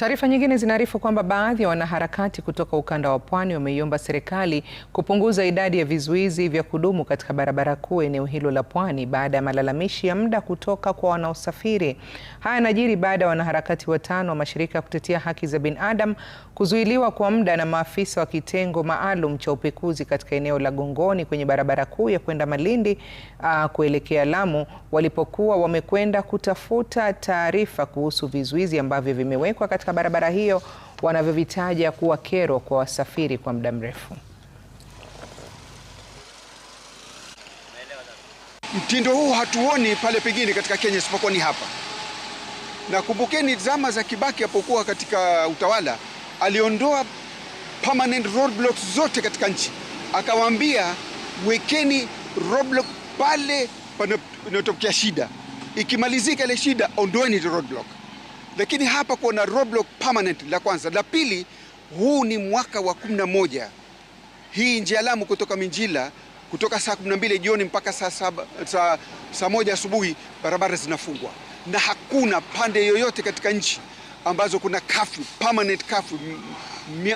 Taarifa nyingine zinaarifu kwamba baadhi ya wanaharakati kutoka ukanda wa Pwani wameiomba serikali kupunguza idadi ya vizuizi vya kudumu katika barabara kuu eneo hilo la Pwani baada ya malalamishi ya muda kutoka kwa wanaosafiri. Haya yanajiri baada ya wanaharakati watano wa mashirika ya kutetea haki za binadamu kuzuiliwa kwa muda na maafisa wa kitengo maalum cha upekuzi katika eneo la Gongoni kwenye barabara kuu ya kwenda Malindi aa, uh, kuelekea Lamu walipokuwa wamekwenda kutafuta taarifa kuhusu vizuizi ambavyo vimewekwa katika katika barabara hiyo wanavyovitaja kuwa kero kwa wasafiri kwa muda mrefu. Mtindo huu hatuoni pale pengine katika Kenya isipokuwa ni hapa. Na kumbukeni zama za Kibaki apokuwa katika utawala, aliondoa permanent roadblocks zote katika nchi, akawaambia wekeni roadblock pale panapotokea shida, ikimalizika ile shida, ondoeni roadblock lakini hapa na roadblock permanent. La kwanza, la pili, huu ni mwaka wa 11 hii njia Lamu kutoka Minjila kutoka saa 12 jioni mpaka saa saba, saa, saa moja asubuhi barabara zinafungwa na hakuna pande yoyote katika nchi ambazo kuna kafu, permanent kafu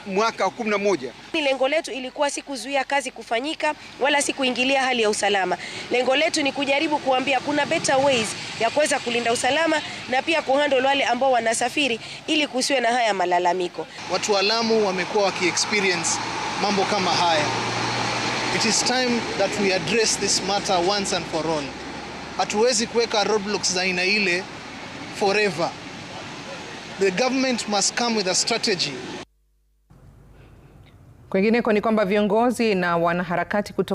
mwaka wa kumi na moja. Lengo letu ilikuwa si kuzuia kazi kufanyika wala si kuingilia hali ya usalama. Lengo letu ni kujaribu kuambia kuna better ways ya kuweza kulinda usalama na pia kuhandle wale ambao wanasafiri ili kusiwe na haya malalamiko. Watu walamu wamekuwa wakiexperience mambo kama haya. It is time that we address this matter once and for all. Hatuwezi kuweka roadblocks za aina ile forever. The government must come with a strategy. Kwingineko ni kwamba viongozi na wanaharakati kutoka